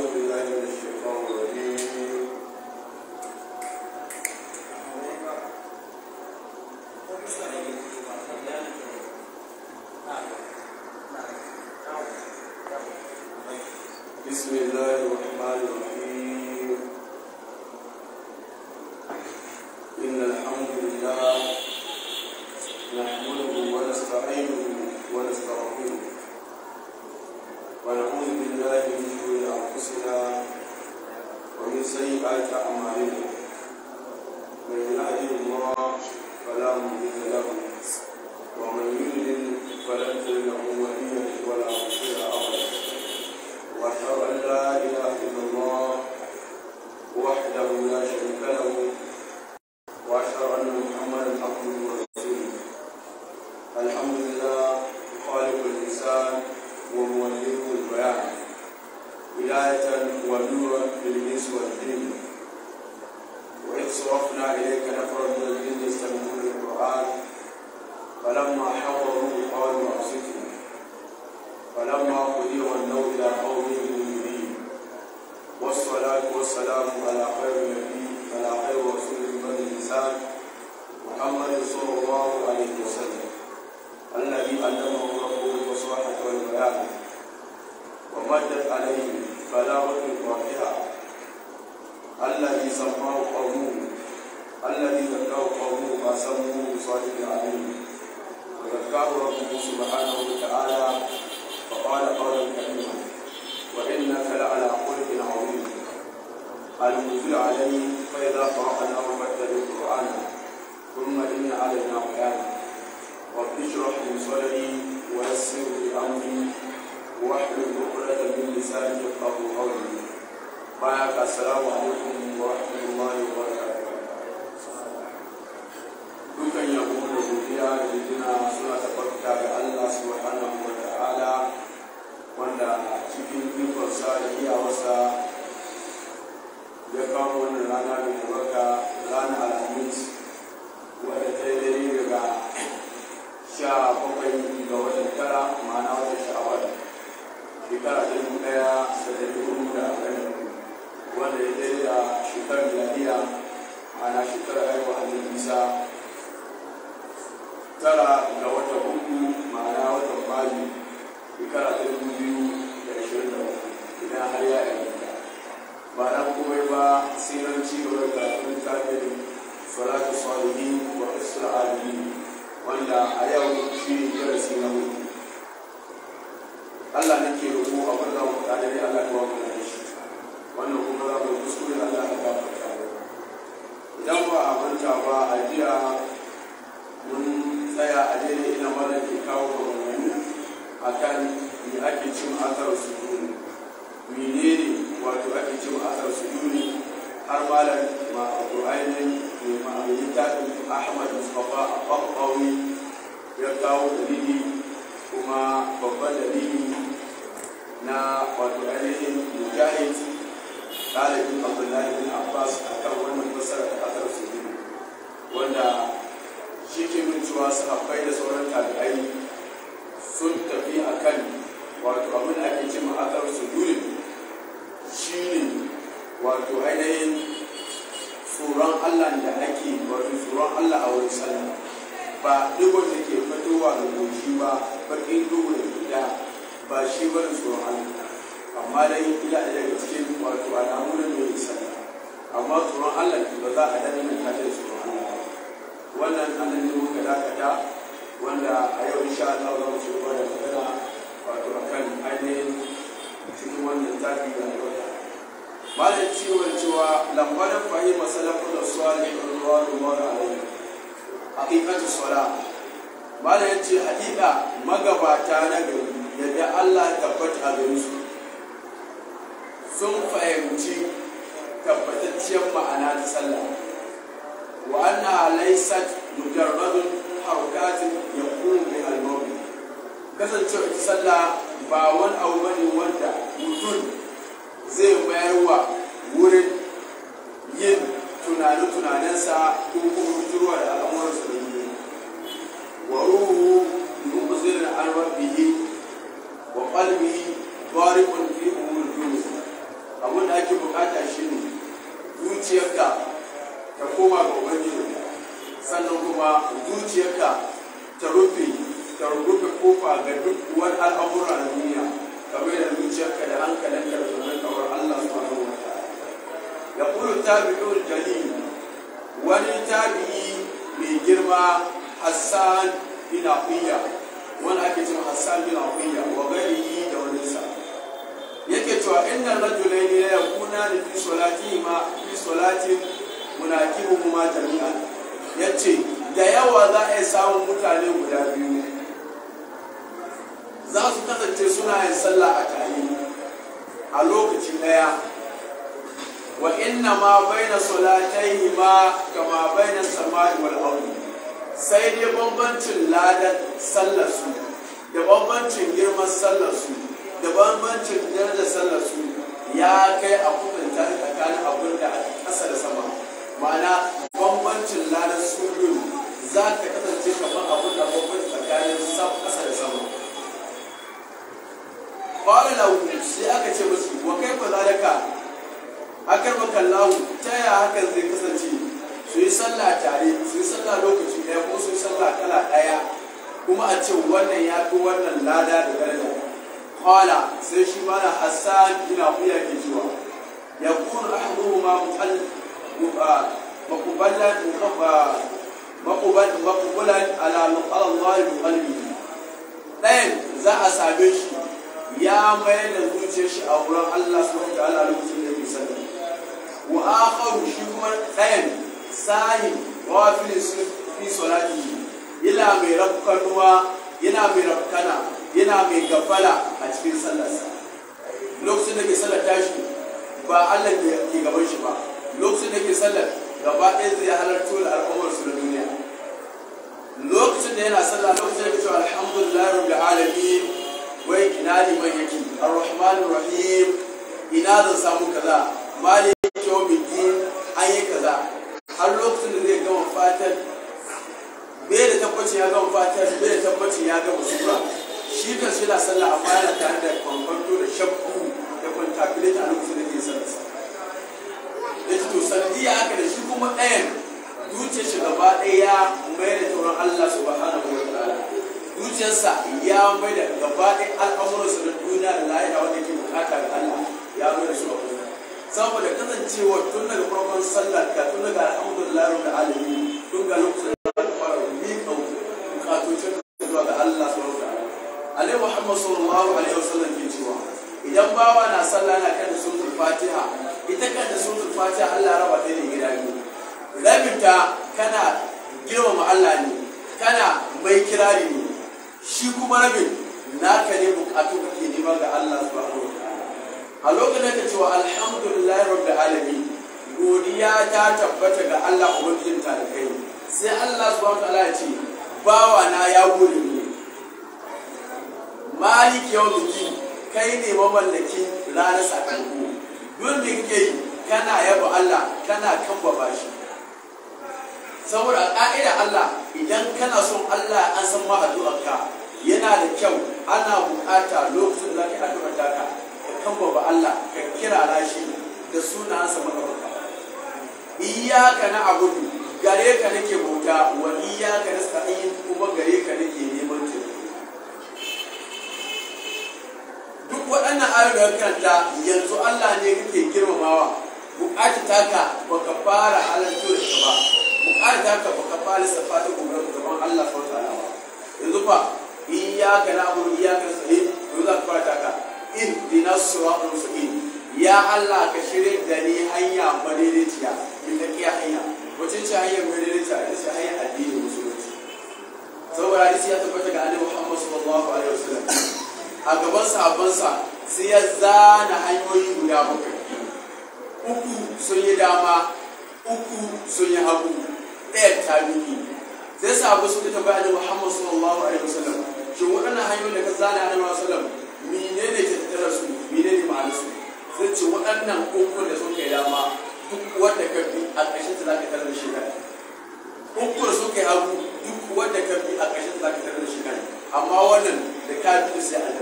阿弥陀佛。الظالم عليم وذكاه ربه سبحانه وتعالى فقال قولا كريما وانك لعلى خلق عظيم قال انزل علي فاذا قراناه فاتبع قرانه ثم ان علينا بيانه رب اشرح لي صدري ويسر لي امري واحلل عقدة من لساني يفقه قولي معك السلام عليكم ورحمه الله وبركاته jinjina suna tabbata ga Allah subhanahu wa ta'ala wanda cikin ikon sa da iyawarsa ya kawo wannan rana da albarka rana alhamis wadda ta yi daga sha bakwai ga watan tara ma'ana wata sha'awar shekara ta dubu ɗaya da ɗari hudu da arba'in wanda ya dare da shekarar miladiya ma'ana shekarar haihuwa annabi isa tara ga wata uku ma'ana watan mayu shekara ta dubu biyu da ashirin da idan har ya inganta ba na komai ba sai nan ci gaba da karatun tafiyar salatu salihi wa isra'ali wanda a yau shi ne darasi na hudu Allah nake roƙo a wannan mutane Allah ta wani da shi wannan kuma za mu kuskure Allah ta gafarta idan ba a manta ba a jiya mun tsaya a jere ina ma ke kawo gwamnati a kan me ake cin asar sujuni ne wato ake cin asar sujuni har malam ma abu ainihin mai ma'amayin tafi ahmad mustapha a ɓaɓɓawi ya kawo dalili kuma babban dalili na wato ainihin mujahid ɗalibin abdullahi bin abbas a kan wannan fasarar asar sujuni wanda shi ke min cewa sahabbai da sauran tabi'ai sun tafi a kan wato abin da ake cima su duri shi ne wato ainihin tsoron allah da ake wato tsoron allah a wurin sallah ba duk da ke fitowa da goshi ba bakin duhu da gida ba shi bane tsoron allah amma dai ila daga cikin wato alamunan mai sallah amma tsoron allah ba za a dana mai tare da tsoron wannan anan ne muka dakata wanda a yau insha Allah za mu ci gaba da magana wato akan ainihin cikin wannan tafi da Ba malam ciwon cewa lambarin fahimta salafin da suwalin ruwa A alayhi haƙiƙatu sala malam ya ce haƙiƙa magabata na gari yadda Allah tabbata a gari su sun fahimci tabbatacciyar ma'ana ta sallah وأنها ليست مجرد حركات يقوم بها المؤمن كسر ita sallah ba wani abu bane wanda mutum zai wa wurin yin tunane-tunanensa ko kuma mutuwa da al'amuransa da yi wa ruhu domin buzirin alwabihi wa qalbihi barikun fi umur abin da ake bukata shine zuciyarka ka koma ga ubangiji sannan kuma zuciyarka ta rufe ta rufe kofa ga duk wani al'amura na duniya kamar da zuciyarka da hankalinka da tsoron kamar Allah subhanahu wa ta'ala ya kulu tabi'ul jalil wani tabi'i mai girma Hassan bin Afiya wani ake cewa Hassan bin Afiya wa gari da wani sa yake cewa inna rajulaini la yakuna fi solatihima fi solatin munaqibu ma jami'an ce da yawa za a samu mutane guda biyu za su kasance suna yin sallah a tare a lokaci daya wa inna ma baina solataihi ma kama baina samai wal ardi sai dai bambancin ladan sallar su da bambancin girman sallar su da bambancin darajar sallar su ya kai a hukunta tsakanin abin da aka da sama ma'ana bambancin ladan sujud za ka kasance kamar abin da bambanci tsakanin kasa da sama ƙwari lahu sai aka ce musu wa kai fa zalika akar maka lahu ta yaya hakan zai kasance su yi sallah tare su yi sallah lokaci ɗaya ko su yi sallah kala ɗaya kuma a ce wannan ya fi wannan lada da daraja kwala sai shi mana hassan ina kuya ke ya yakunu ahaduhuma muhalli. مقبلا مقبلا مقبلا ɗayan za a same shi ya mayar da zuciyar shi a wurin Allah subhanahu ta'ala lokacin da bai wa akharu shi kuma ɗayan sahi wa fil fi salati yana mai rafkanuwa yana mai rafkana yana mai gafala a cikin sallarsa lokacin da ke sallar tashi ba Allah ke gaban shi ba lokacin da ke sallar gaba ɗaya zai halarta da al'ummar su na duniya lokacin da yana sallah lokacin da ke cewa alhamdulillah rabbil alamin wai ina liman yake arrahmanir rahim ina zan samu kaza mali yake yawmin din an yi kaza har lokacin da zai gama fatan bai da tabbacin ya gama fatan bai da tabbacin ya gama sura shi kan shi na sallah a fara tare da kwamfanto da shakku da kwantabilita a lokacin sanadiyya aka da shi kuma ɗayan zuciyar shi gaba ɗaya ya mai da tauran Allah subhanahu wa ta'ala zuciyarsa ya mai da gaba ɗaya al'amuransa na duniya da lahira wanda ke bukata ga Allah ya mai da su a saboda kasancewa tun daga farkon sallar ka tun daga alhamdulillah rabbil alamin tun ga lokacin da ya fara miƙa bukatocin zuwa ga Allah subhanahu wa ta'ala alai Muhammad sallallahu alaihi wa sallam ke cewa idan bawa na sallah na kan sun fatiha ita kan sun fatiha Allah raba ta ne gida biyu rabinta kana girmama Allah ne kana mai kirari ne shi kuma rabin naka ne bukatu kake nema ga Allah subhanahu a lokacin da cewa alhamdulillahi rabbil alamin godiya ta tabbata ga Allah ubangijin ta da kai sai Allah subhanahu wa ya ce bawa na ya gode ne malik yawmiddin kai ne mamallakin ranar sakamako Don da yi kana yabo Allah kana kambaba shi saboda ka'ida Allah idan kana son Allah an san ma addu'arka yana da kyau ana bukata lokacin da zaka addu'a da ka kambaba Allah ka kira shi da sunansa maka iyyaka na abudu gare ka nake bauta wa iyyaka nasta'in kuma gare ka nake ne wannan ayoyi da ta yanzu Allah ne kake girmamawa bukaci taka baka fara halartar da ba bukaci taka baka fara safata gobe gaban Allah sau ta'ala ba yanzu fa iyyaka na'budu iyyaka nasta'in yanzu za ka fara taka in ihdina siratal mustaqim ya Allah ka shirya da ni hanya madaidaiciya in da kiya hanya wacce ce hanyar madaidaiciya ita ce hanyar addini musulunci saboda hadisi ya tabbata ga annabi Muhammad sallallahu alaihi wasallam a gaban sa sai ya zana hanyoyi guda bakwai uku sun yi dama uku sun yi hagu ɗaya ta duki sai sabu ta tambaya da muhammad sallallahu alaihi wasallam shin waɗannan hanyoyin da ka zana a nabi sallam ne ke tattara su ne ma'anar su sai ce waɗannan uku da suka yi dama duk wanda ka bi a ƙarshen ta za ka tarar da shi kan uku da suka yi hagu duk wanda ka bi a ƙarshen ta za ka tarar da shi kan amma wannan da ka bi sai a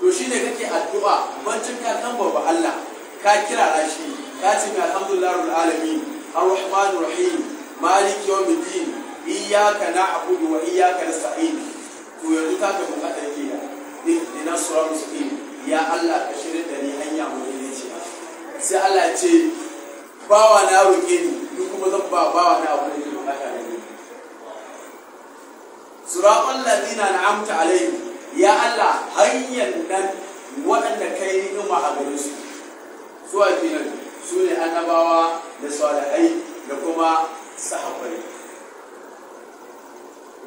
to shi shine kake addu'a bancin ka kan babba Allah ka kira Rashi. ka ce mai alhamdulillah alamin ar-rahmanir rahim malik yawmiddin iyyaka na'budu wa iyyaka nasta'in to yanzu ka ga bukatar kila ihdina sirat mustaqim ya Allah ka shirya da ni hanya mu ne ce sai Allah ce bawa na roke ni duk kuma zan ba bawa na abu ne ke bukata da ni suratul ladina na'amta alaihim ya Allah hanyar nan waɗanda ka yi ni'ima a gare su su a kenan su ne annabawa da salihai da kuma sahabbai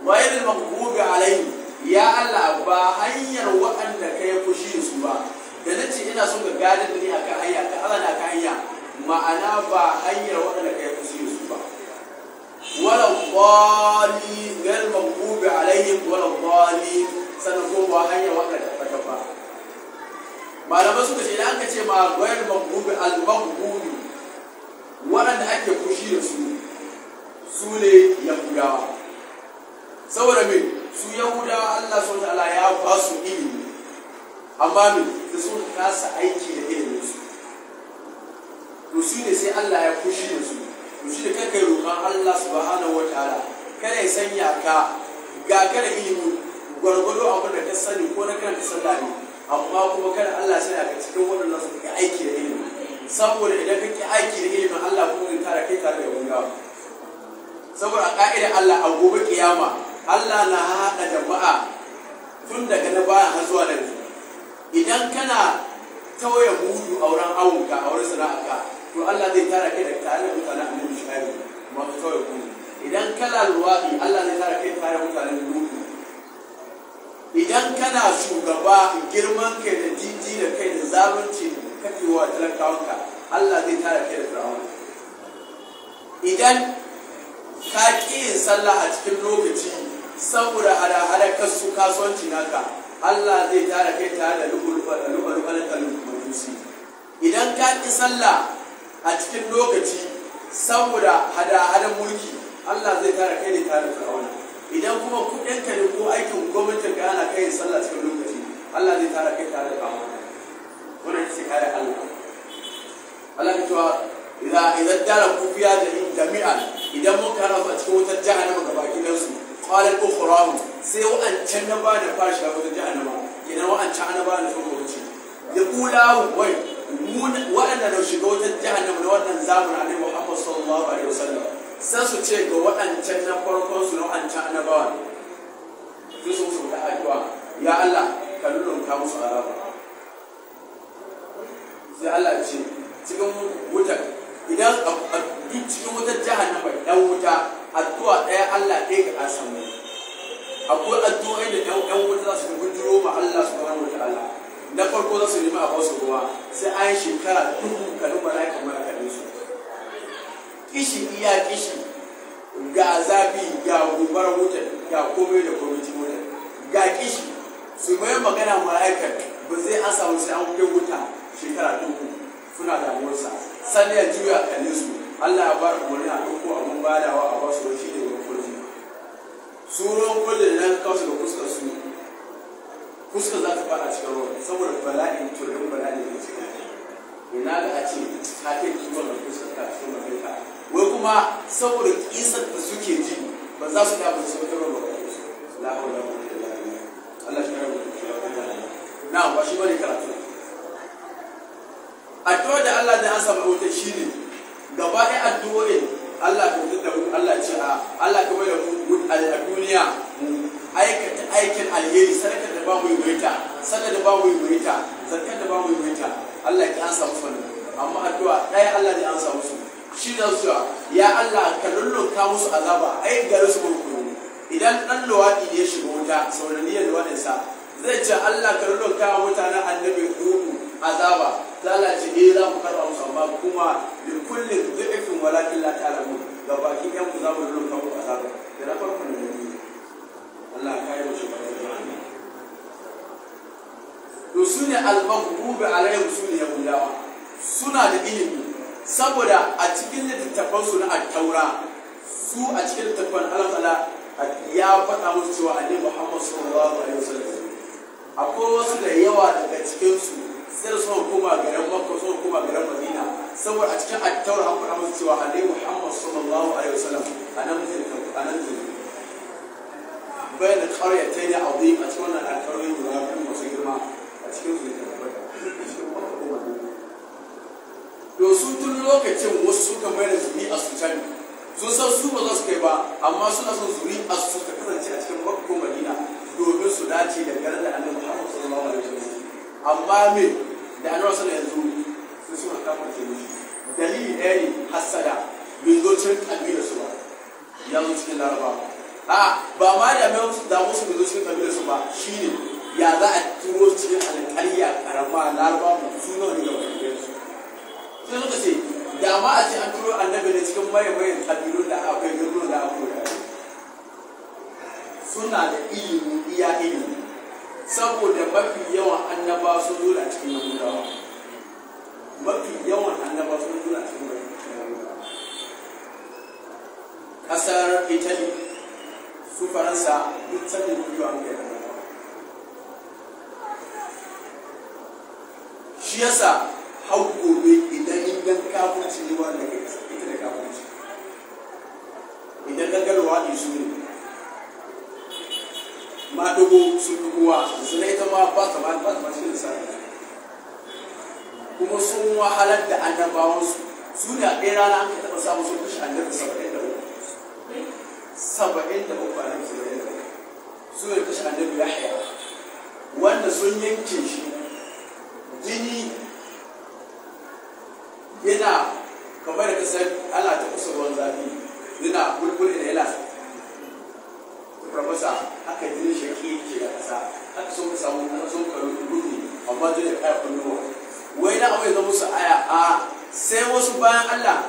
wayar maghdubi alaihi ya Allah ba hanyar waɗanda ka yi fushi su ba da na ce ina son ga gadin da ni a kan hanya ka Allah na kan hanya ma'ana ba hanyar waɗanda ka yi fushi su ba wala qali ghal maghdubi alaihim wala qali sanin ko ba hanyar ta fata ba malamai suka ce idan aka ce ma gwayar maghdubi al-maghdubi waɗanda ake fushi da su su ne yahudawa saboda me su yahudawa Allah sun wa ta'ala ya ba su ilimi amma me da sun kasa aiki da ilimin su to su ne sai Allah ya fushi da su to shi ne kai roƙon Allah subhanahu wa ta'ala kada ya sanya ka ga kada ilimi gwargwado abin da ka sani ko na karanta sallah ne amma kuma kada Allah shi ka cikin waɗannan su ka aiki da ilimi saboda idan ka ki aiki da ilimin Allah kuma in tara kai tare da gunga saboda a ka'idar Allah a gobe kiyama Allah na haɗa jama'a tun daga na baya har zuwa nan idan kana tawaye mudu a wurin awonka a wurin sana'arka to Allah zai tara kai da tare da mutanen annabi shi masu tawaye mudu idan kana luwaɗi Allah zai tara kai tare da mutanen mudu idan kana shugaba girman kai da jinji da kai da zalunci wa talakawanka Allah zai tara kai da firawun idan ka ƙi yin sallah a cikin lokaci saboda hada-hada kasu kasuwanci naka Allah zai tara kai tare da lubar-lubar idan ka ƙi sallah a cikin lokaci saboda hada hada mulki Allah zai tara kai da tare da idan kuma kuɗin ka ne ko aikin gwamnatin ka ana kai sallah cikin lokaci Allah zai tara kai tare da kama wannan ita ce kare Allah Allah ya cewa idan idan dara kufiya da jami'a idan mun kara su cikin wutar jahannama baki gaba gidansu qalat ukhrahum sai wa'ancan na ba da fara shiga wutar jahannama idan wa'ancan na ba da suka wuce ya kula wai wa'anda da shiga wutar jahannama da wannan zamanin annabi Muhammad sallallahu alaihi wasallam San su ce ga waɗancan na farkon su na waɗancan annabawa ne su su ta addu'a ya Allah ka ka musu araba. sai Allah ce cikin wutar idan a duk cikin wutar bai dan wuta addu'a ɗaya Allah ɗaya ga asamu akwai addu'o'i da ɗan ɗan wuta za su gudu ma Allah subhanahu wuta Allah. na farko za su nemi a basu ruwa sai an shekara dubu kalin mala'ika mala'ika su kishi iya kishi ga zafi ga gobar wutar ga komai da kwamiti wutar ga kishi su bayan magana mala'ikar ba zai an samu sai an kai wuta shekara duku suna da damuwarsa sannan ya juya a su allah ya ba da wani a ɗauko bada badawa a ba su shi ne wani kurji su ruwan kurji da nan kawo su da fuskar su fuskar za ta fara cikin ruwan saboda kisar da suke ji ba za su da to su ne almaghdubi alaihim su ne yahudawa suna da ilimi saboda a cikin littattafan su na attaura su a cikin littattafan alƙala ya faɗa musu cewa annabi Muhammad sallallahu alaihi wasallam akwai wasu da yawa daga cikin su sai da suka koma garin Makka suka koma garin Madina saboda a cikin attaura an faɗa musu cewa annabi Muhammad sallallahu alaihi wasallam anan zirkan anan zirkan bayan da ƙaryata ne a cikin wannan alƙarfi guda kuma masu girma a to su tun lokacin wasu suka mai da zuri a su sun san su ba za su kai ba amma suna son zuri a su ta kasance a cikin makka ko madina domin su dace ah, da garin da annabi muhammad sallallahu alaihi amma me da annabi sallallahu alaihi wasallam sun suna ke mishi dalili ɗaya ne hassada bai zo cikin kabilar su ba ya zo cikin larabawa a ba ma da mai damu su bai zo cikin kabilar su ba shine ya za a turo cikin a karama laraba mu suna ne ga wakilai su sai suka ce da ma a ce an turo annabi da cikin maye-maye kabilun da akwai birnin da akwai da suna da ilimi iya ilimi saboda mafi yawan annaba sun zo da cikin yahudawa mafi yawan annaba sun zo cikin yahudawa ƙasar italy su faransa duk sanin biyu an gaya shi yasa hau gobe idan idan kafirci ne wanda ke ita da kafirci idan gangarwa ne su ne ma dubu sun fi su zina ita ma ba ta ba ta ba shi da sa kuma sun wahalar da annabawansu su da ɗaya rana an taɓa samun sun kashe annabi saba'in da uku saba'in da uku annabi saba'in da uku su ne kashe annabi ya haya wanda sun yanke shi jini yana kamar da kasar ana ta kusa ruwan zafi yana bulbul da yana farfasa haka jini shaki ke da kasa haka sun samu haka sun karu rufi amma jini kaya kulluwa wai na abai zama su aya a sai wasu bayan allah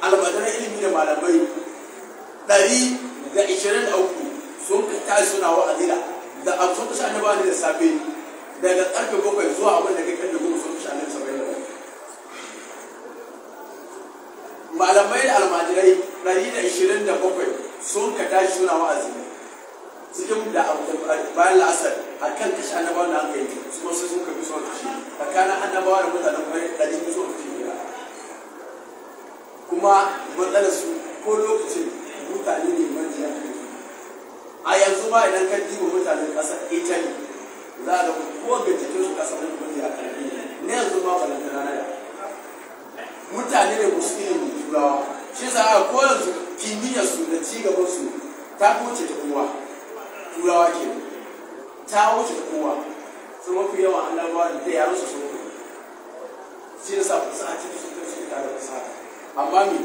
almadaran ilimi da malamai ɗari da ishirin da uku sun ka tashi suna wa'azila da abu sun kusa annabawa ne da safe daga karfe bakwai zuwa abin da kai karfe goma sun fi annabi saba'in da bakwai malamai da almajirai ɗari da ishirin da bakwai sun ka tashi suna wa'azi cikin da bayan la'asar a kan kashe annabawa da aka yi su masu sun ka fi son kashe tsakanin annabawa da mutanen kwarai ɗari biyu sun fi kuma matsalar su ko lokacin mutane ne manjiya a yanzu ba idan ka diba mutanen ƙasar italy za a ga kowa ga jikin su kasa da kuma ya karfi ne yanzu ma balantana na yara mutane ne musu ilimin turawa shi sa a ko yanzu kimiyyar su da cigaban su ta wuce ta kowa turawa ke ta wuce ta kowa sun mafi yawan annabawa da ta yaran su sun kuma shi sa a ce su ta shi ta da fasaha amma me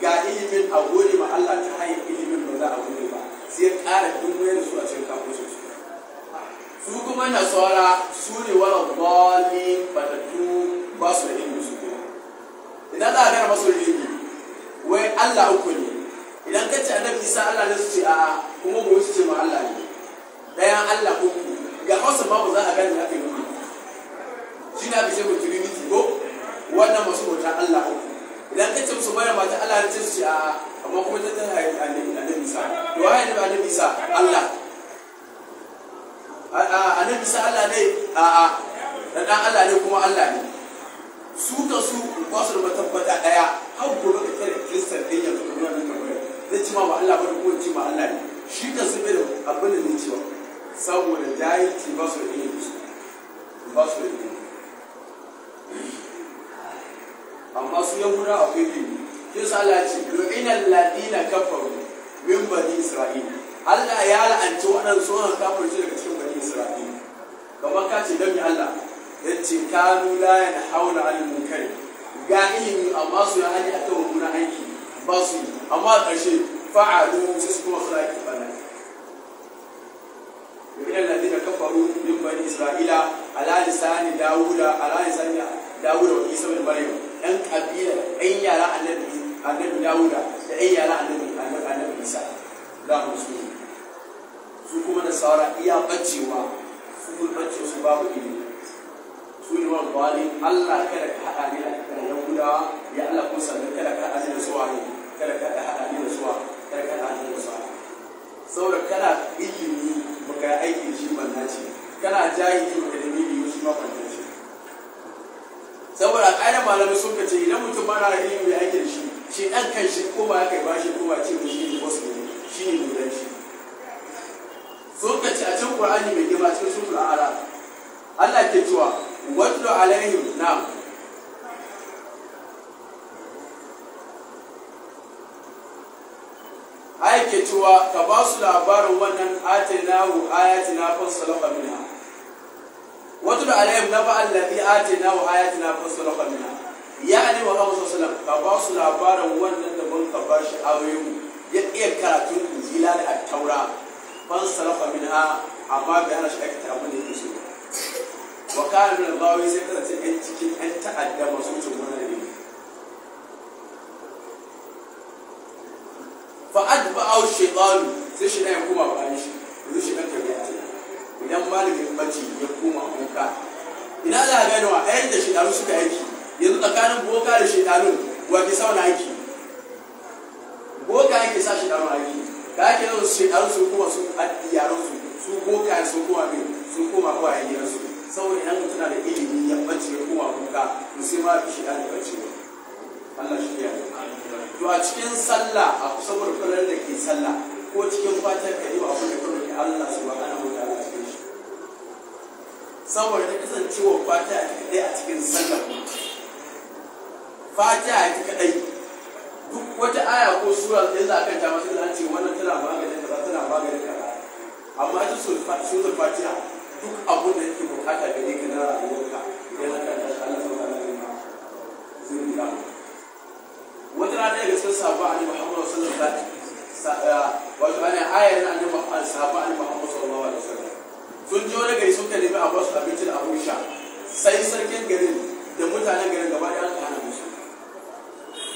ga ilimin a gode ma Allah ta hanyar ilimin ba za a gode ba sai ƙara dunwayar su a cikin kafin su su kuma nasara su ne wani balin batattu ba su da ilmi su kuma idan za a masu ilmi wai allah uku ne idan ka ce annabi isa allah ne su ce a'a kuma mu su ce ma allah ne ɗayan allah uku ga hausa ma ba za a gane haka yi shi ne aka ce mu trinity ko wannan masu bauta allah uku idan ka ce musu bayan mata allah ne su ce a'a amma kuma ta tana annabi isa to waye annabi isa allah annabi sa Allah ne a'a da dan Allah ne kuma Allah ne su ka su ba su da tabbata daya har gobe ka tare kristan din yanzu kuma nan kuma zai ci ma ba Allah ba ko ci ma Allah ne shi ka su bai abin da zai ci ba saboda jahilci ba su da ilimi ba su da ilimi amma su yahuda akwai ilimi yasa Allah ce lu'ina alladina kafaru min bani isra'ila Allah ya la'anci waɗansu wannan kafirci daga kamar ka ce dami Allah ya ce kanu la ya haula alil munkari ga ilimi amma su ya hali akan mummunan aiki ba su yi amma a ƙarshe fa'alu sai su kuma suna yi bana min alladhina kafaru min bani isra'ila ala lisani dawuda ala lisani dawuda wa isa bin maryam ɗan kabila ɗan yara annabi annabi dawuda da ɗan yara annabi annabi isa da musulmi su kuma da saura iya bacewa gurbancin su babu ilimi su ne wani bawali allah kada ka haɗa ni da kan guda ya allah kun sannan kada ka haɗa ne da suwa ne kada ka haɗa ne da suwa kada ka haɗa ne da suwa saboda kana ilimi baka yi aikin shi banna ce kana jahili baka da ilimi shi ma banna ce saboda ƙa'idar malamai sun kace idan mutum ba na ilimi ya aikin shi shi ɗan kan shi ko ba ya kai ba shi ko ba ce mai shi ne wasu ne shi ne lura shi sun ka ci a cikin ƙur'ani mai girma cikin suratul A'raf Allah ke cewa wadlu alaihim na." ai ke cewa ka ba su labarin wannan atinahu ayatina fassalafa minha wadlu na naba allazi atinahu ayatina fassalafa minha ya ne wa Allah sallallahu alaihi ka ba su labarin wannan da mun ka ba shi bashi ayoyin ya iya karatun injila da at-taura fan salafa min ha amma bai hana shi aikata abin da so wa kana min al-bawi sai cikin ɗan ta'adda masu wucin gona da ne fa adba'u shaytanu sai ya koma bayan shi yanzu shi idan malamin ya koma kuka ina za a ganowa ɗayan da suka aiki yanzu tsakanin boka da shekarun wa ke sa wani aiki boka yake sa shekaru aiki da ake nan ɗan su kuma su yaron su su boka su kuma bi su kuma kuwa a yi su saboda idan mutum na da ilimi ya bace ya kuma kuka to sai ma fi ɗan da bace ba Allah shi ya to a cikin sallah a saboda kullun da ke sallah ko cikin fatan ka yi wa abin da kuma ke Allah su ba ana wa ta'ala cikin shi saboda ta kasancewa fata a cikin sallah fata a cikin kadai duk wata aya ko sura da za a kanta masu an ce wannan tana maganin kaza tana maganin kaza amma ta suratul fatiha duk abu da yake bukata gare ka na rayuwarka yana kanta Allah subhanahu wa ta'ala wata rana daga cikin sahabba annabi Muhammad sallallahu alaihi wasallam eh, wato ana ayar nan annabi sahabba annabi Muhammad sallallahu alaihi wasallam sun ji wani gari sun kalli a basu abinci da abin sha sai sarkin garin da mutanen garin gaba ɗaya aka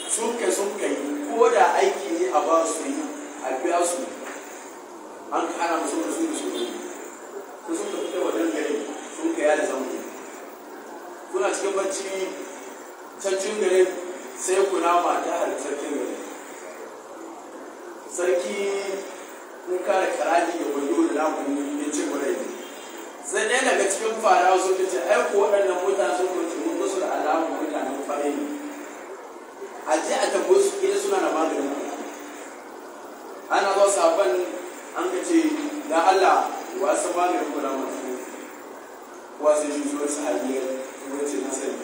sun suka sun ko da aiki ne a ba su yi a biya su an kara musu da su da su ne sai sun tafi fita wajen gare sun kai da zamu kuna cikin bacci cancin gare sai kuna ma ta halittar kin gare sarki kun kare karaji ya bayo da lamun ya ce murai sai ɗaya daga cikin fara sun ce ai waɗannan mutane sun kwanci mun musu da alamun mutanen fara ne a je a tambaye su kila suna na maganin ku ana zuwa sabon an ka ce da Allah wa san maganin ku na masu wa sai shi zuwa sahabiyar kuma ce na sani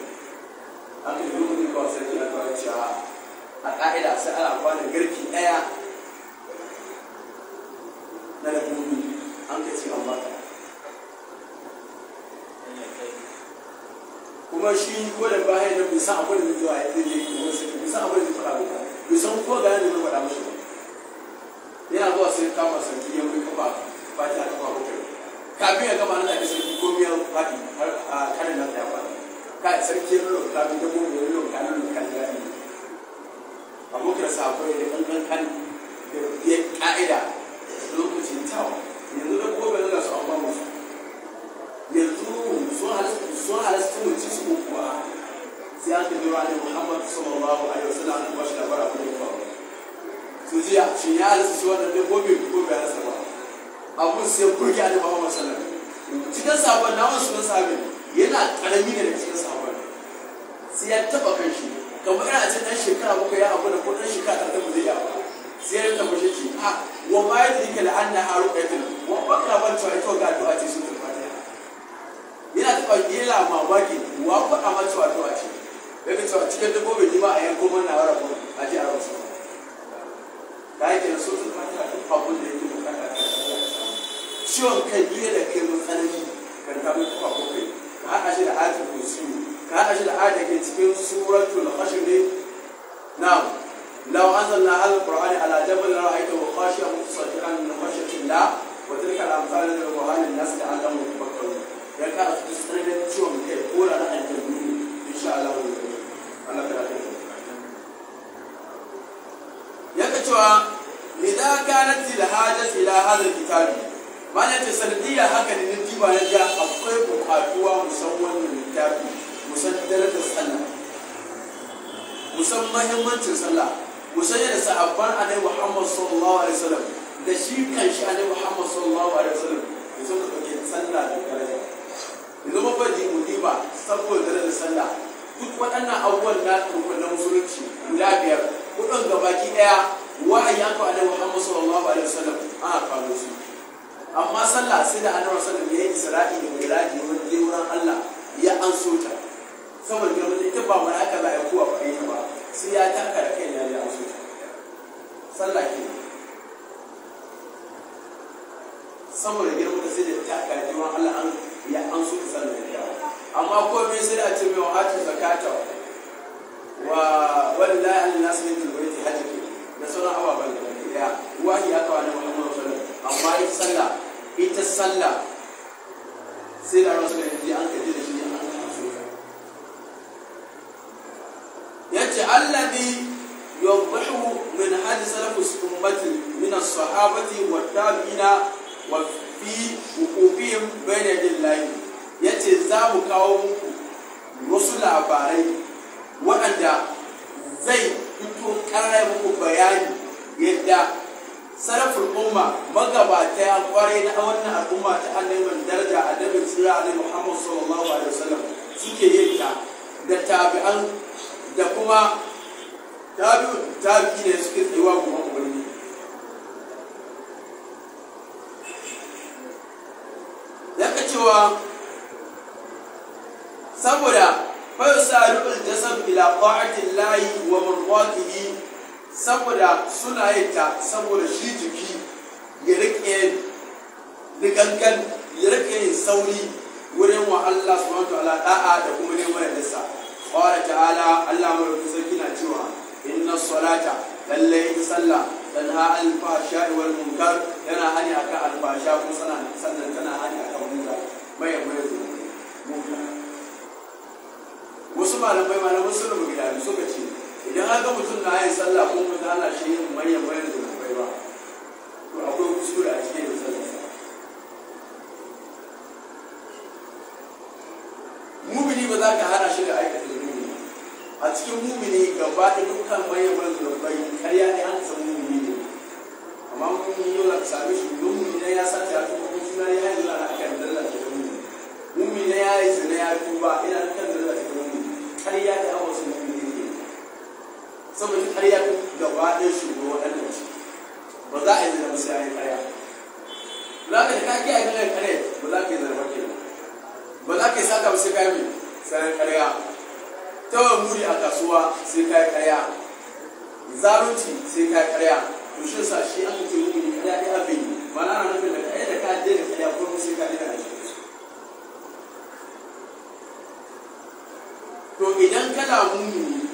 an ka zuwa ne kawai sai ya kawai ce a ka'ida sai ana kwana garki ɗaya na da dabbobi an ka ce an kuma shi ko da bayan da bisa abin da zuwa ya tsaye kuma sai san abin da ta faɗa ba bai san ko ga faɗa mashi ba yana zuwa sai kama sarki ya kai kafa ba ta kafa ko kafin ya kama nan da sarki ko miyar faɗi har a kanin nan da ba. ka sarki ya ka bi da mu ya ka nan kan da ni sa sabai da kankan kan da ya ka'ida lokacin tawa yanzu da gobe da su amma mu yanzu sun halastu mutum su kuwa sai aka biyo annabi Muhammad sallallahu alaihi wasallam an bashi labarin abin da ya faru to a shin ya alisa shi wannan dai ko bai ko bai alisa ba abun sai burge annabi Muhammad sallallahu alaihi wasallam cikin sabon na wasu sun sabi yana karami ne da cikin sabon sai ya taba kan shi kamar yana ce ɗan shekara bakwai ya abu da ko ɗan shekara ta tabbata ya ba sai ya tabbata shi a wa ma yadrika la anna haru qaitul wa bakra ban ta ito ga du'a ce su ta fatiha yana taba gela mamaki wa faɗa ma cewa du'a ce ya ce a cikin dabbobi ni ma a yanko mana wara ko a ji a rasu da yake da sosu ta ta duk abin da yake bukata ta ciwon kai biye da kai mun tsanani kan ta mutu ko kai ka haɗa shi da ayatul kursi ka haɗa shi da ayatul ke cikin suratul hashr ne na'am لو أنزلنا هذا القرآن على جبل رأيته خاشعا متصدعا من خشية الله وتلك الأمثال للقرآن الناس لعلهم يتفكرون. يا كانت تستند شو من كيف قول أنا yaka cewa idan kanat til hajat ila hadha kitab mana ta sardiya haka da ni diba na ga akwai bukatuwa musamman wannan littafi musamman darajar sallah musamman mahimmancin sallah musamman da sahabban annabi Muhammad sallallahu alaihi wasallam da shi kan shi annabi Muhammad sallallahu alaihi wasallam yanzu ka dauke sallah da daraja yanzu mafaji mu diba saboda da sallah duk waɗannan abubuwan na rukun na musulunci guda biyar ga baki ɗaya wa'ayi an kawo annabi Muhammad sallallahu alaihi wasallam an kawo su amma sallah sai da annabi sallallahu alaihi wasallam ya yi isra'i da miraji wani je wurin Allah ya an so saboda girman ita ba mana aka ba ya kuwa ba yi ba sai ya taka da kai ya yi an so sallah kenan saboda girman da sai da taka da girman Allah an ya an su ta sallar da amma komai sai a ce mai wa hatu zakata wa wallahi an nasu yin tilbaiti hajji da sauran ababen da wani ya wahi ya kawo na muhammadu sallar amma ita sallah ita sallah sai da rasu da ji an kaji da shi an kaji ya ce allabi yawbahu min hadisa na fuskun batin min as-sahabati wa tabi'ina wa fi hukukihim layi ya ce za mu kawo muku wasu labarai waɗanda zai fito ƙarar muku bayani yadda sarafin umma magabata ya kwarai na wannan al'umma ta annabin daraja a dabin tsira a muhammad sallallahu alaihi wasallam suke yin ta da tabi'an da kuma tabi'u tabi'i ne suke tsayuwa kuma daga cewa saboda fayusari'ul jasad ila qa'atin layi wa murwatihi saboda suna yin ta saboda shi jiki ya rike rikankan ya rike yin sauri wurin wa Allah subhanahu wataala da'a da kuma neman nisa qala ta'ala Allah madaukakin sarki na cewa inna salata lalle ita sallah tanha al fahsha wal munkar yana hani akan al fahsha kuma sannan tana hani akan maye maye zunubai mutane wasu malamai malamai sun rubu gida da suka ce idan aka mutum na yin sallah ko mutum ana shi yin maye maye zunubai ba to akwai kuskure a cikin yin sallah mumini ba za ka hana shi da aikata zunubi a cikin mumini gaba da dukkan maye maye zunubai karya ne an san mumini ne amma mumini yau za ka same shi mumini ne ya sace a cikin suna ya yi lana a kan dalace mumi na ya yi zina ya tuba ina kan zina a cikin wani ƙarya da awon su mumi ne ke saboda ƙarya gaba ɗaya shugo waɗannan ce ba za a yi zina ba sai a yi ƙarya za ka ka kiyaye yin ƙarya ba za ka yi zina ke ba za ka yi saka ba sai ka yi mai sanar ƙarya ta wa muri a kasuwa sai ka yi ƙarya zarunci sai ka yi ƙarya to shi sa shi aka ce mumi ƙarya ɗaya abin ma na nufin da ƙarya da ka je da ƙarya ko sai ka yi da ƙarya to idan kana mumini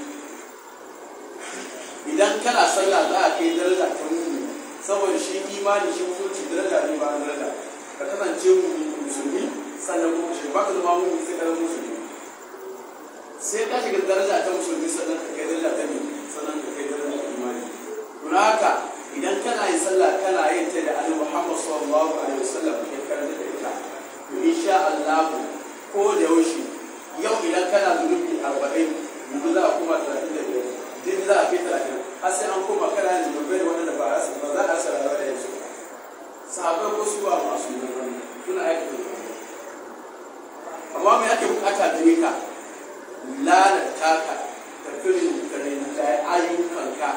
idan kana sallah za a kai daraja ta mumini saboda shi imani shi mutunci daraja ne ba daraja ka kasance musulmi sannan kuma shi ba ka zama mumini sai ka zama musulmi sai ka shiga daraja ta musulmi sannan ka kai daraja ta ne sannan ka kai daraja ta imani don haka idan kana yin sallah kana yin ta da annabi Muhammad sallallahu alaihi wasallam ya karanta da ita to insha Allah ko da yaushe yau idan kana zunubi arba'in yanzu za a koma talatin da biyar jini za a kai talatin har sai an koma kana yin zunubai da wanda ba za ba za a rasa rayuwa da yanzu sahabai ko su ba masu zunubi suna aikata zunubi amma me ake bukata gare ka lalata ka ta ka firin ka rinta ayyukanka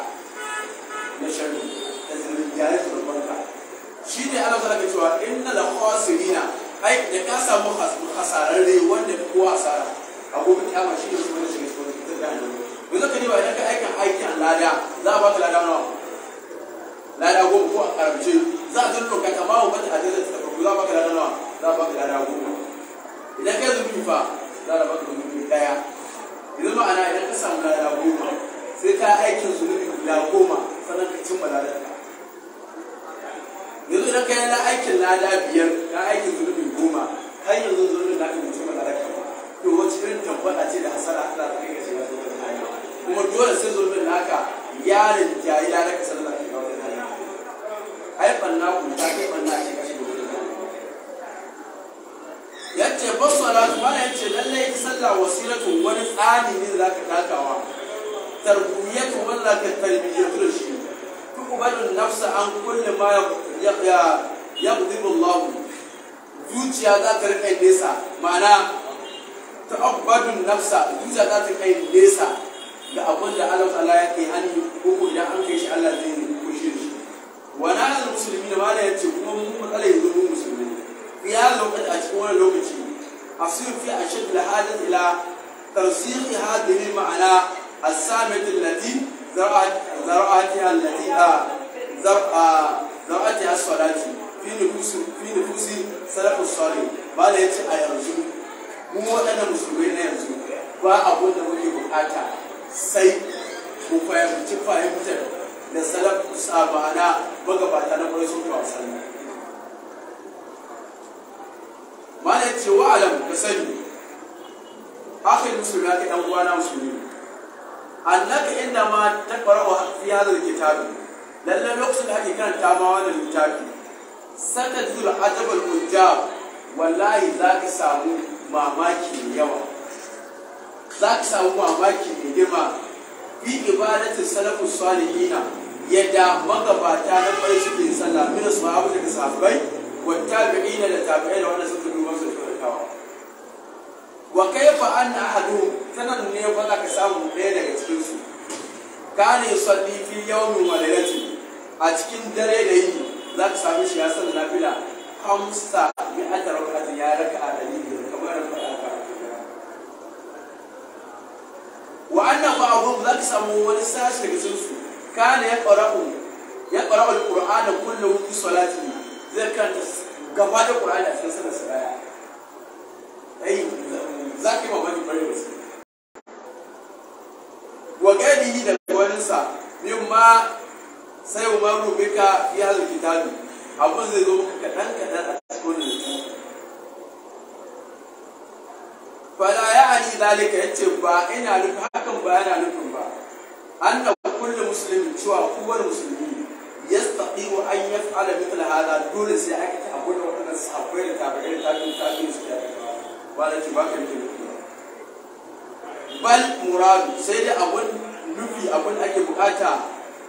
na sharri da zirin gyare zunubanka shi ne ana zaka cewa inna la khasirina ai da ka samu hasararre wanda ko hasara a gobe kyama shi ne wanda shiga cikin wani fitar da hannu yanzu ka diba idan ka aikin aikin lada za a baka lada nawa lada goma ko a karamce za a zan lokaci amma wa mata hadisa ta farko za a baka lada nawa za a baka lada goma idan ka zubi fa za a baka zubi daya yanzu ma'ana idan ka samu lada goma sai ka aikin zunubi guda goma sannan ka cimma lada yanzu idan ka yi aikin lada biyar ka aikin zunubi goma har yanzu zurin da aka mutum da raka to wacce irin tambata ce da hasara Allah ta kai shi wajen da kuma dole sai da naka yaron yayi da raka sallah ba wajen hanya ai banna ku ta kai banna ce kashe da wajen hanya yace basala mana yace lalle ita sallah wasilatu wani tsani ne da zaka takawa tarbiyyatu walla ka tarbiyyatu shi tukubadun nafsa an kulli ma ya ya zuciya za ta riƙa nesa ma'ana ta abbadun nafsa zuciya za ta kai nesa da abin da Allah ta'ala ya kai hannu ko idan an kai shi Allah zai yi kushe shi wa na al musulmi da mala yace kuma mun matsala yanzu mun musulmi ya lokaci a cikin wani lokaci asir fi ashad al hadat ila tarsikh hadhihi ma'ana as-samit allati zar'at zar'atiha allati zar'a zar'atiha as-salati fi nufusi salafin salih ba da ya ce a yanzu mu waɗannan musulmai na yanzu ba abin da muke bukata sai mu fahimci fahimtar da salafin sabana magabata na kwarai sun fi wasanni ma da ya ce wa alam ka sani akwai musulmi ake ɗan uwana musulmi annaka inda ma ta farawa fi hadar kitabi lallai lokacin da ake karanta ma wannan littafi sata jura ajabal kujja wallahi za ka samu mamaki mai yawa za ka samu mamaki mai girma bi salihina yadda magabata na farin cikin sallah mina su ma'abu daga sahabbai wa tabi'ina da tabi'ai da wanda suka duba su turkawa wa kaifa an ahadu sanan ne fa za ka samu ɗaya daga cikin su kana yusalli fi yawmin wa a cikin dare da yini za ka same shi ya san nafila hamsa bi ata raka'atin ya raka'a dari biyar kamar da faɗa ka wa anna ba'dhum za ka samu wani sashi daga cikin su kana ya qara'u ya qara'u al-qur'ana kullu fi salati zai karanta gaba da qur'ani a cikin sallar sa daya ai za ka yi mamaki bare da su wa gani da gwaninsa min ma. sai Umar, bika ya hal kitabi abun zai zo maka kaɗan kaɗan a cikin rubutu fala ya ani zalika ce ba ina nufin hakan ba yana nufin ba anna kullu muslimin cewa kowar musulmi ya yastati'u an yaf'ala mithl hada dole sai aka ta abu da wannan sahabbai da tabi'in tabi'in tabi'in su da ba da ba ka ke nufi bal muradu sai da abun nufi abun ake bukata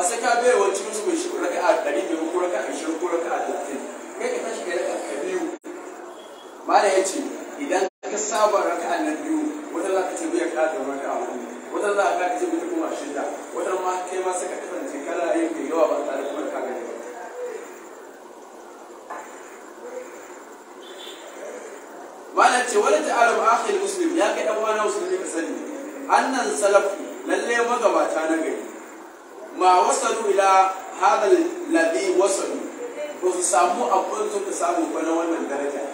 a saka ka bai wancan musu bai shigo raka a ɗari biyu ko raka a shirin ko raka a talatin kai ka tashi ka yi raka ka biyu mala ya ce idan ka saba raka a nan biyu wata za ka ce bai ka da raka a wani wata za ka ce bai kuma shida wata ma kai ma sai ka kasance kana yin da yawa ba tare kuma ka gani ba mala ce wani ta'ala ba akhir muslim ya kai dan uwana musulmi ka sani annan salafu lalle magabata na gari ma wasalu ila hada ladhi wasalu ko su samu abin sun ka samu ba na wannan daraja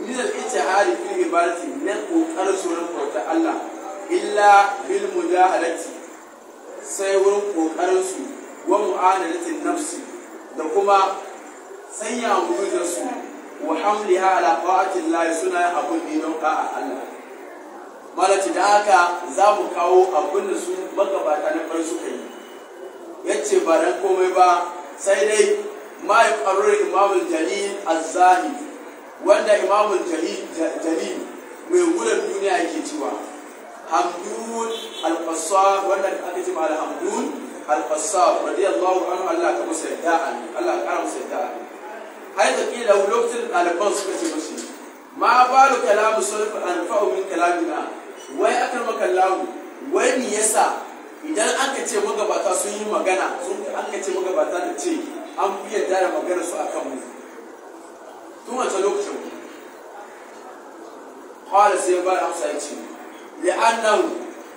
da ita hali fil ibadati na kokarin sunan bauta Allah illa bil mujahadati sai wurin kokarin su wa mu'adalatin nafsi da kuma sanya mu su wa hamliha ala ta'atillahi suna abun ne don ka'a Allah malaci da haka za mu kawo abin da su magabata na bar suka yi ya ce ba dan komai ba sai dai mai ya ƙarurar jalil azzani wanda imamul jalil mai wulan duniya yake cewa hamdun alfasar wanda aka ce ma hamdun alfasar radiyallahu anhu Allah ka musa yadda Allah ka kara musa yadda hai da kila lokacin ɗaliban suka ce mashi ma balu kalamu sulfa anfa'u min kalamina wai akar makallahu wai me yasa idan aka ce magabata sun yi magana sun aka ce magabata da ce an fi yarda da magana su akan mu tun wace lokacin ku sai ba da amsa ya ce li'annahu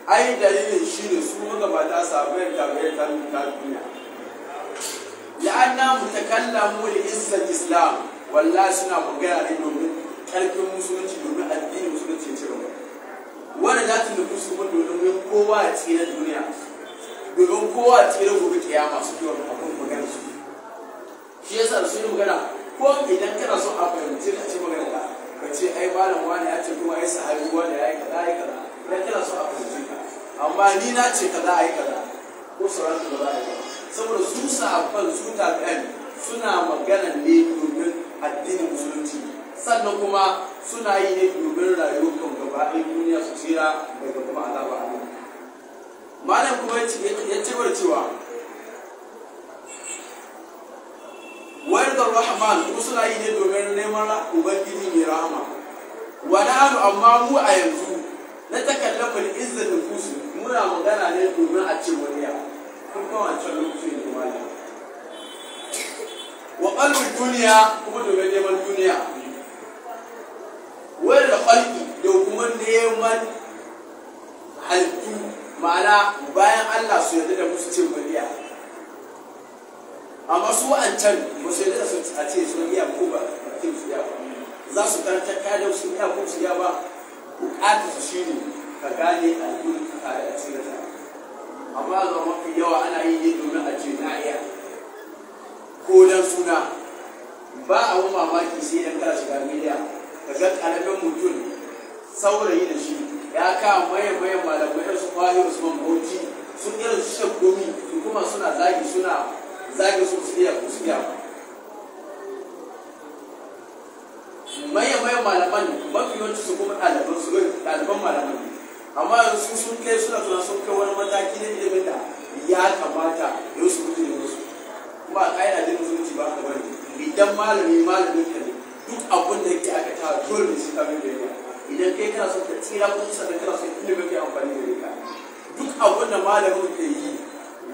ai dalilin shi ne su magabata sabayar tabayar tabi'in tabi'ina mu mutakallamu li izzat islam wallahi suna magana ne domin karfin musulunci domin addini wani datin da kusa kuma domin kowa a na duniya domin kowa a tsira gobe yawa su ji wani abin magana su shi yasa da su yi magana ko idan kana son a fahimci a ce magana ta ka ce ai malam wani ya ce kuma ai sahabi wani ya yi kaza ya yi kaza idan kana son a fahimci ka amma ni na ce kaza a yi kaza ko sauran su ba a yi kaza saboda su sahabban su tabi'an suna magana ne domin addinin musulunci sannan kuma suna yi ne domin rayuwar kan gaba ɗaya duniya su tsira daga kuma azaba a malam kuma ya wa cewa wayar da rahman kuma suna yi ne domin neman ubangiji mai rahama wani hannu amma mu a yanzu na takallafa da izinin muna magana ne domin a ce wani ya kuma wancan lokaci ne malam wa ƙalbin duniya kuma domin neman duniya wani da da kuma neman halittu ma'ana bayan Allah su yarda da musu cin murya amma su wa'ancan ba su yarda da su a ce su iya ko ba ce su iya za su karanta kada su iya ko su iya ba su shi ne ka gane alƙul ka a cikin ta amma ga mafi yawa ana yi ne domin a ce na iya ko dan suna ba a mamaki sai dan kana shiga miliya ka ƙaramin mutum saurayi da shi ya kawo maye maye malamai su kwayo su bauchi sun yi su shagomi su kuma suna zagi suna zagi su su iya su iya maye maye malaman mafi yawanci su kuma ɗaliban su ɗaliban malaman amma yanzu sun kai suna suna sun kai wani mataki na ilimin da ya kamata yau su mutu da musu kuma a ƙa'ida din musulunci ba a bari idan malami malami abun da yake aikatawa dole shi kamar da yawa idan kai kana so ka tsira ko sannan kana so inda kake amfani da rika duk abun da malamin ke yi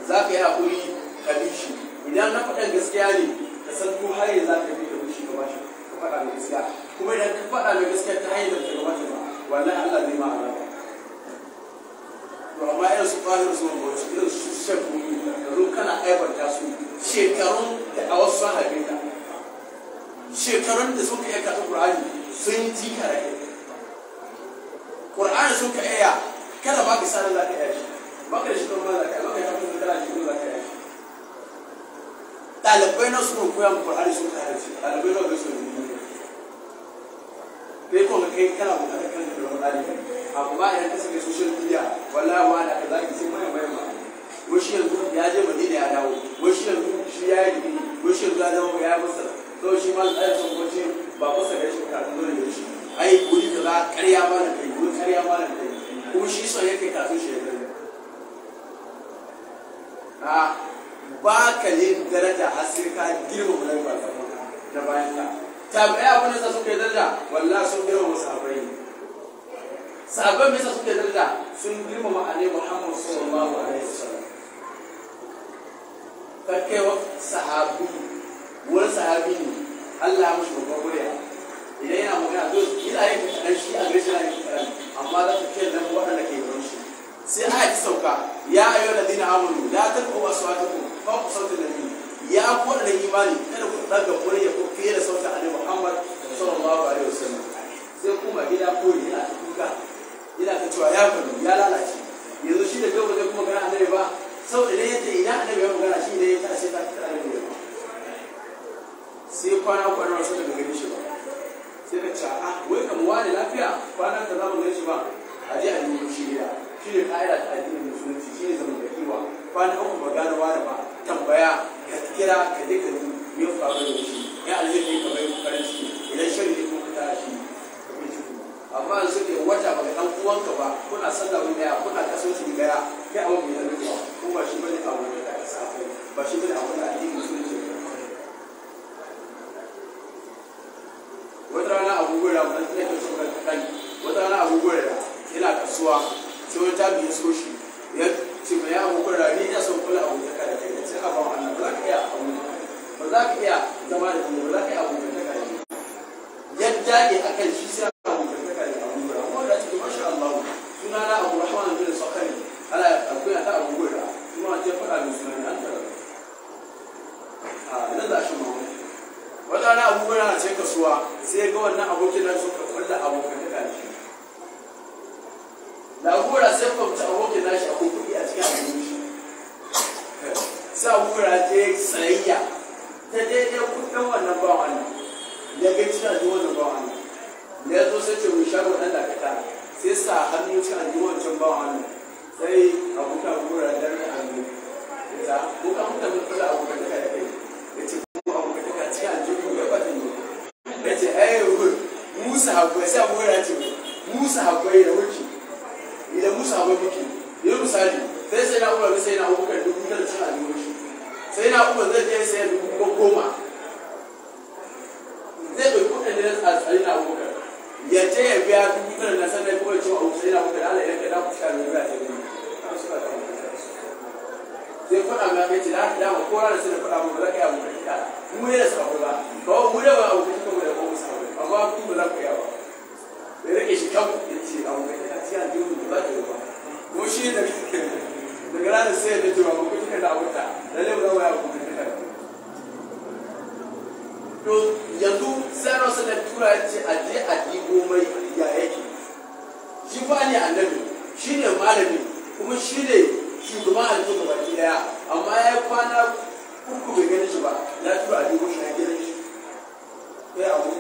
za ka yi haƙuri ka bi shi idan na faɗan gaskiya ne ka san ko har za ka bi da shi ka bashi ka faɗa mai gaskiya kuma idan ka faɗa mai gaskiya ta hanyar da ta gabata ba wannan Allah zai ma alama to amma irin su fahimtar su mabauci irin su shekaru da zo kana aibanta su shekarun da a wasu sahabin ka shekarun da suka iya ta ƙur'ani sun ji karatu ƙur'ani suka iya kada ba ka sanar za ka iya shi ba ka shi shekarun ma za ka iya ba ka yi da kana shekarun za ka iya shi ɗalibai na suna koya ma ƙur'ani sun kare shi ɗalibai na suna su ne kai kuma kai kana buƙatar kan da ƙur'ani abu ba idan ka saka social media wallahi wa da kaza ki sai mai mai ma wai yanzu ya je madina ya dawo wai yanzu shi ya yi wai shi yanzu ya zama ya yi masara to shi ma da sun goce ba ku sa gaishe ka dole ne shi ai guri da za ƙarya ma da kai guri ƙarya ma da kai ko shi so yake kafin shi ya a ba ka yin daraja har sai ka girma nan ba ka da bayan ka tabi'a wani sa suka daraja wallahi sun girma sahabbai sahabban bisa suka yi daraja sun girma ma alai muhammad sallallahu alaihi wasallam kai wa sahabi wani sahabi ne Allah ya mashi babban murya idan yana magana to shi na yin kaɗan shi a gaishe na yin amma za su ce nan waɗanda ke gaban shi sai aya ta sauka ya ayyuhal ladina amanu la tarfa'u aswatakum fawqa sawti nabi ya ku da imani kada ku daga murya ko fiye da sautin annabi Muhammad sallallahu alaihi wasallam sai kuma gida ko yana ta yana ta cewa ya kanu ya lalace yanzu shi da ba zai kuma gana annabi ba saboda idan yace idan annabi ya magana shi ne ya tashi ta kira annabi sai kwana kwana wasu daga gani shi ba sai ka ce a ah, wai kam wani lafiya kwana ta zama gani shi ba a je a nemi shi ya shi ne ka'ida da addinin musulunci shi ne da kiwa kwana uku ba gano wani ba tambaya ka kira ka je ka nemi me ya faru da shi ya alheri ka bai kokarin shi idan shari ne kuma ta shi ka bai shi amma an suke wata ba ga dan uwanka ba kuna sallah wani daya kuna kasuwanci daya kai abin bai da rikewa ko ba shi bane abu da ka sa ba shi bane abu da addinin musulunci wata rana abu gora wani suna ke shi kan wata rana abu gora yana kasuwa sai wani tabi ya so shi ya ce mai ya abu gora ni ina son kula abu da kada kai ya ce a ba Allah ba za ka iya abu ba za ka iya zama da jini ba za ka iya abu da kada yadda ne kan shi sai abu da kada abu gora kuma da cikin masha Allah suna na abu rahman bin sakari ala akwai ta abu gora kuma ta faɗa da sunan an tara a ah, nan za shi mawa wadana abubuwa na ce kasuwa sai ga wannan abokin nan suka kulla abokan da shi abubuwa sai kwamta abokin nashi a kuɗi a cikin abin shi sai abubura je tsayayya ta daidai kuɗin wannan ba wannan ya ga cikin ji wannan ba wannan ya zo sai ce mu shago ɗan dakata sai sa hannu cikin ji wancan ba wannan sai abokan abubura a hannu ta ko kan mutum kula abokan da kai sahabbai sai abubuwa ya ce musa sahabbai da wuce idan musa sahabbai muke yi misali sai sai na umar sai na abubakar dubu da cin sai na umar zai je sai dubu goma zai ɗauki kuɗin da a tsari na ya ce ya biya dubu tara na sanar kuma ya ce wa na abubakar ala ka na kusa da biya zai faɗa ma mai ce da haka dama ko ranar sai da faɗa mu ba ka yi abubakar kita mu yi da sabu ba ba mu da ba abubakar kita mu da kuma mu amma ku za ku yi ba ce abu kai ba ta yi ba da kike daga ranar sai da cewa ko kike da wuta lalle yanzu sai tura eh, a eh, ne shi ne malami kuma shi ne shugaban baki daya amma ya yi kwana uku bai gani shi ba tura a shi gani shi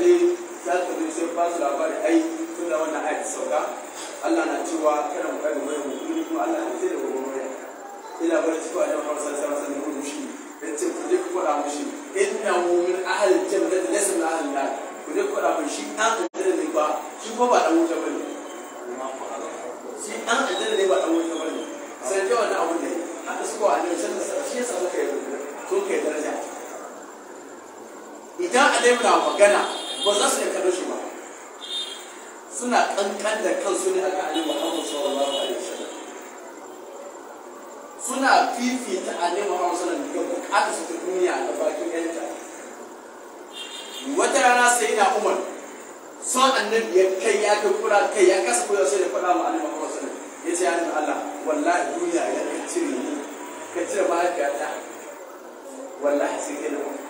je za ta zai sai ba su labarin ai tun da wannan ayat sauka Allah na cewa kada mu kai mai ne kuma Allah ya zai da gobe ila bari ci wa da sai sallallahu alaihi wasallam shi ce ku je ku fara mushi innahu min ahli jannati laysa min ahli nar ku je ku fara shi an kaddara ne ba shi ko ba dan wuta bane shi an kaddara ne ba dan wuta bane sai da wannan abu ne haka suka wa annabi sallallahu alaihi wasallam shi yasa suka yi ko kai daraja idan annabi na magana ba za su yankar shi ba suna kankan da kansu ne aka ali muhammad sallallahu alaihi wasallam suna fifita ali muhammad sallallahu alaihi wasallam da bukata su duniya da bakin yanta wata rana sai na umar son annabi ya kai ya kai kura kai ya kasa kura sai da faɗa ma ali muhammad sallallahu alaihi wasallam ya ce ya Allah wallahi duniya ya kai cire ni ka cire mahaifiyata wallahi sai kai da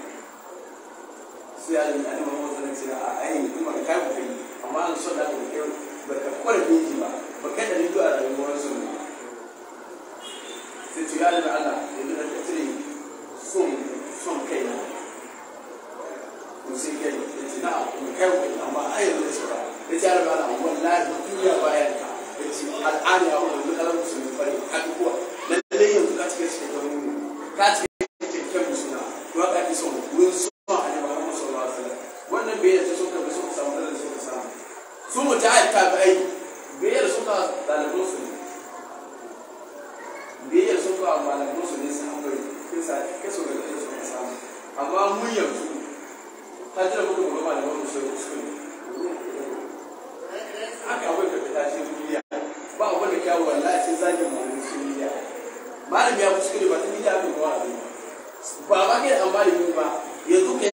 su ya zama annabi Muhammad sallallahu alaihi wasallam a ayi kuma ka kai kai amma an so da ka kai ba ka da ji ba ba kai da rido a rayuwar su ne sai ya zama Allah yanzu da tsire son son kai na sai kai ya ce na mu kai kai amma ayi da su ba ya ce Allah Allah wallahi duniya bayan ka ya ce al'ani ya wani kalan musulmi bane ka kuwa lallai yanzu ka cike shi da wani ka cike biyayyar su suka bi suka samu da suka samu su mujahid tabi'ai biyayyar suka ɗalibin su ne biyayyar suka malamin su ne su haɓari kai su ga da suka samu amma mun yanzu ta jira muka gaba malamin mu sai su yi haka abin da fita ce miliya ba abin da kyawu wallahi sai zagin malamin su miliya malamin ya kuskure ba ta miliya abin ba ba ba ke da ambali ba yanzu ke.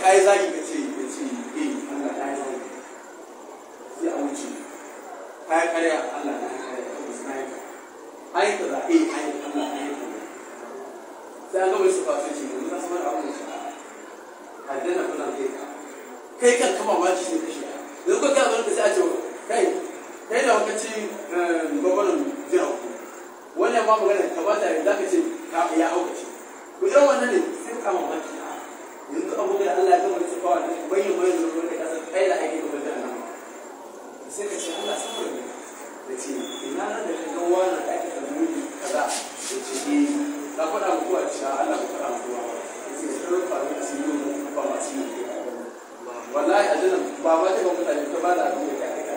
Ka kai zagi ka ce ya ce e Allah ta zagi sai a wuce yi karya Allah ta karya ka musu na yanka ai kaza eh ai Allah ta yanka sai an ga su sufa sai ce mun za su bar abin da shi haddana kuna kai ka kai kan kama waji ne kashi ka yanzu ka ga abin da sai a ce kai kai da wakaci eh, gwamnan jihar ku wannan ba magana ka ba ta yanzu za ka ce ya aukace ku irin wannan ne sai ka kama waji da Allah ya kamar su da shi bayyana bayan da kasa ɗaya da ake kuma da nan sai ka ce Allah sun ne da ce ina nan da kaga wani da ake da muni kaza da ce eh ka faɗa muku a cewa Allah ku faɗa muku ba ce ka rufa da su yi mu ba masu yi wallahi a jinan ba ma ta ga mutane ta ba da abin da ka aika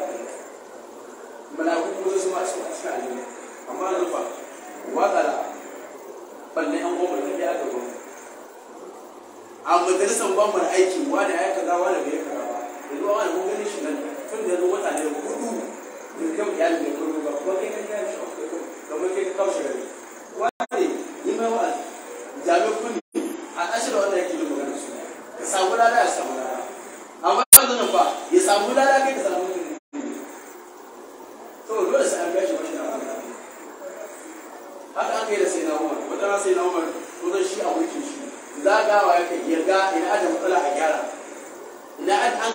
mana ku kuma su ma su a cikin amma na rufa an da aka goma a majalisar ban mana aiki wani ya kaza wani bai kaza ba da zuwa wani mun gani shi nan tun da zo wata ne hudu da kai mu iyali bai kuma ba kuma kai kai kai shi kuma kai kai shi gari wani yi mai wa jami'in kun a ashirin wanda yake da magana su ka samu lada ya samu lada amma yanzu nan ba ya samu lada kai ka samu to dole sai an gashi mashi da haka an kai da sai na umar wata sai na umar faɗawa ya yarda ina aje a gyara ina an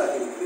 哎。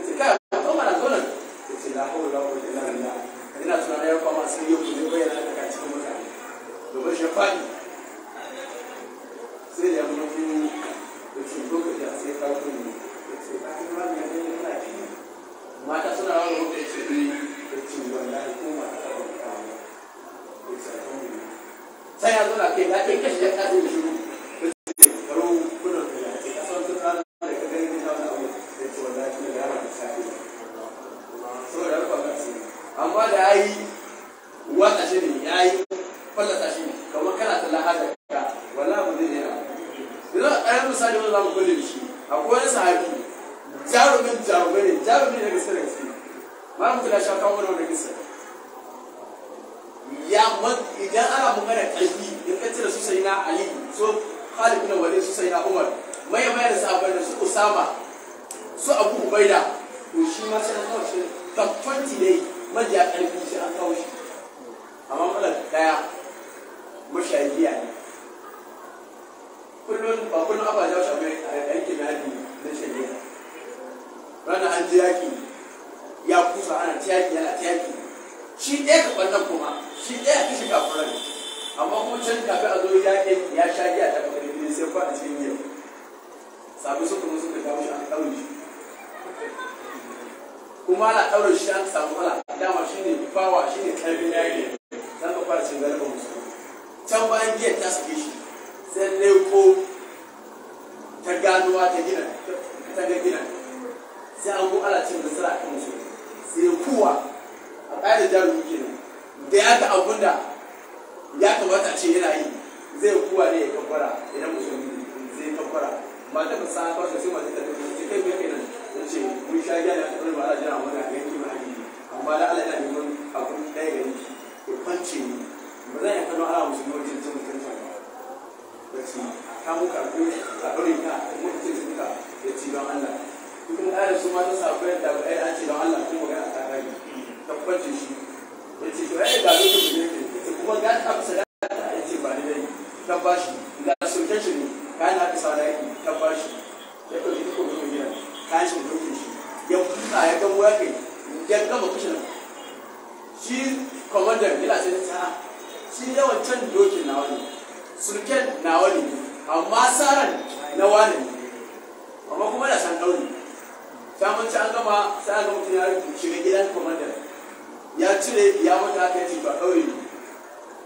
ta ga gina sai an go ana cin nasara kan su sai kowa a ƙa'idar jarumi kenan da ya ga abun da ya kamata a ce yana yi zai kowa ne ya kafara idan musulmi zai kafara ba ta fasa kawai sai masu ta tafi ce kai kai nan sun ce mun sha gyara a tsoron ba za a jira wani a yanki ba ne amma da ala yana neman abun ɗaya gari ya kwance ni ba zan yi kano ala musulmi wajen cin mutunta ba ba ci a kamun karfi a ɗaurin ka mutunta ya ci don Allah kuma ayar su ma ta sabu yadda ba ai an ci don Allah kuma magana ta kai tabbacin shi ya ce to ai ba lokacin da yake kuma ga ta fi da ta ya ce ba ni dai ta bashi ga soke shi ne kayan haka sada yake ta bashi ya ɗauki duk wani gida kayan shi dokin shi ya kuka ya gamo ya kai ya gama kushin shi kwamandan yana sai ta sa'a shi yawan can dokin na ne surken na ne amma saran na wani ne amma kuma da san ɗauri samun ci an gama sai aka mutum ya shiga gidan kwamandan ya cire ya mata aka yi ba ɗauri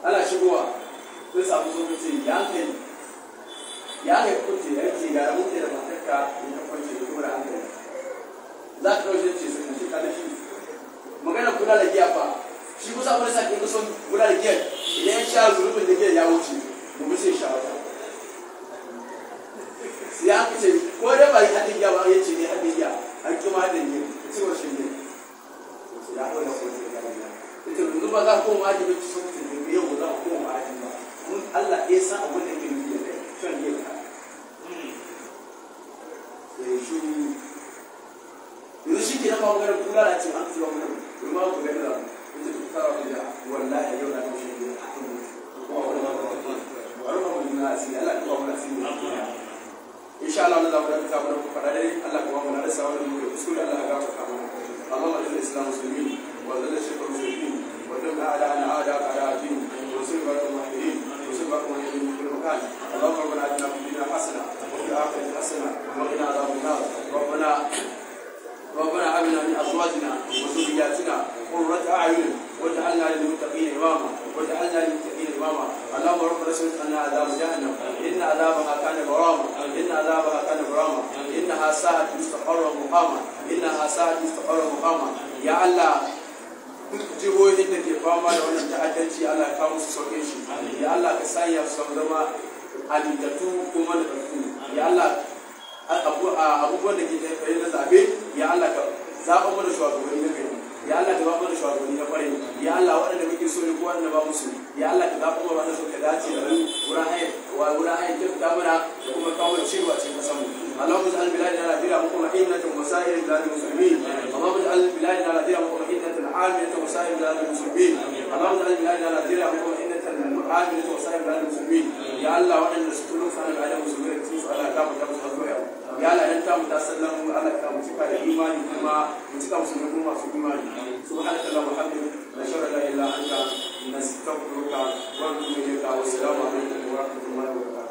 ana shigowa sai samu zo ka ce ya kai ya kai kunce ya ce gara ramu da matakka ya kwance da kuma da hankali za ka ɗaushe ce su kunce kada shi magana kula da giya fa shi kusa wani da sa ke kusan kula da giya idan ya sha zurubin da giya ya wuce mu bi sai sha ya haka ce ko da ba ya haɗin yawa ya ce ne haɗin yawa an kima haɗin yi a ci wasu ne ya hau da kuma ya gani ita yanzu ba za ko ma haɗin ba ki so ki ne yau ba za ko ma haɗin ba mun Allah ya san abin da ke nufi da kai shan yi ka sai shi yanzu shi ke na ma magana kula na ce an tura mana kuma ku ga da ita ku fara da wallahi yau na kawo shi ne a kan mutu. Allah ya kawo mana asiri Allah ya kawo mana asiri. insha Allah Allah da ta mu fara dai Allah kuma mu da sawa da mu da kuskure Allah ya gafarta mana Allah ya islam muslimin wa zalla shukr muslimin wa dalla ala ana ada ala din wa sirra muhammadin wa sirra muhammadin fi kulli makan Allahumma rabbana atina fid dunya hasana wa fil akhirati hasana wa qina adhaban nar rabbana ربنا هب لنا من ازواجنا وذرياتنا قرة اعين واجعلنا للمتقين اماما واجعلنا للمتقين إماما اللهم ربنا اسمك أن عذاب جهنم إن عذابها كان غراما إن عذابها كان غراما إنها ساعة مقاما إنها ساعة مقاما يا الله jihohin da ke fama da wannan ta'addanci Allah ka musu sauke shi ya Allah ka sanya su zama alidatu kuma da ɗarku ya Allah abubuwan da ke tafiye na zaɓe ya Allah ka zaɓa mana shugabanni na ya Allah ka bamu da shugabanni na fari. ya Allah waɗanda muke so ne ko waɗanda ba musu ya Allah ka zaɓa wa wanda ka dace da mu wurin hayar wa wurin hayar da mana da kuma kawo cewa ce kasan mu Allahumma ja'al biladina Najeriya mu kuma innatan wasa'ir bilad muslimin Allahumma ja'al biladina Najeriya mu kuma innatan amiyatan wasa'ir bilad muslimin Allahumma ja'al biladina Najeriya mu kuma innatan amiyatan wasa'ir bilad muslimin ya Allah waɗanda su tulun sa'a da musulmai su Allah ka mu da musulmai to ya Allah ta mu tasallan mu Allah ka mu cika da imani kuma mu cika mu sunan kuma su imani subhanaka allahumma wa hamdika ashhadu an la ilaha illa anta nastaghfiruka wa natubu ilayka wa assalamu alaikum wa rahmatullahi wa barakatuh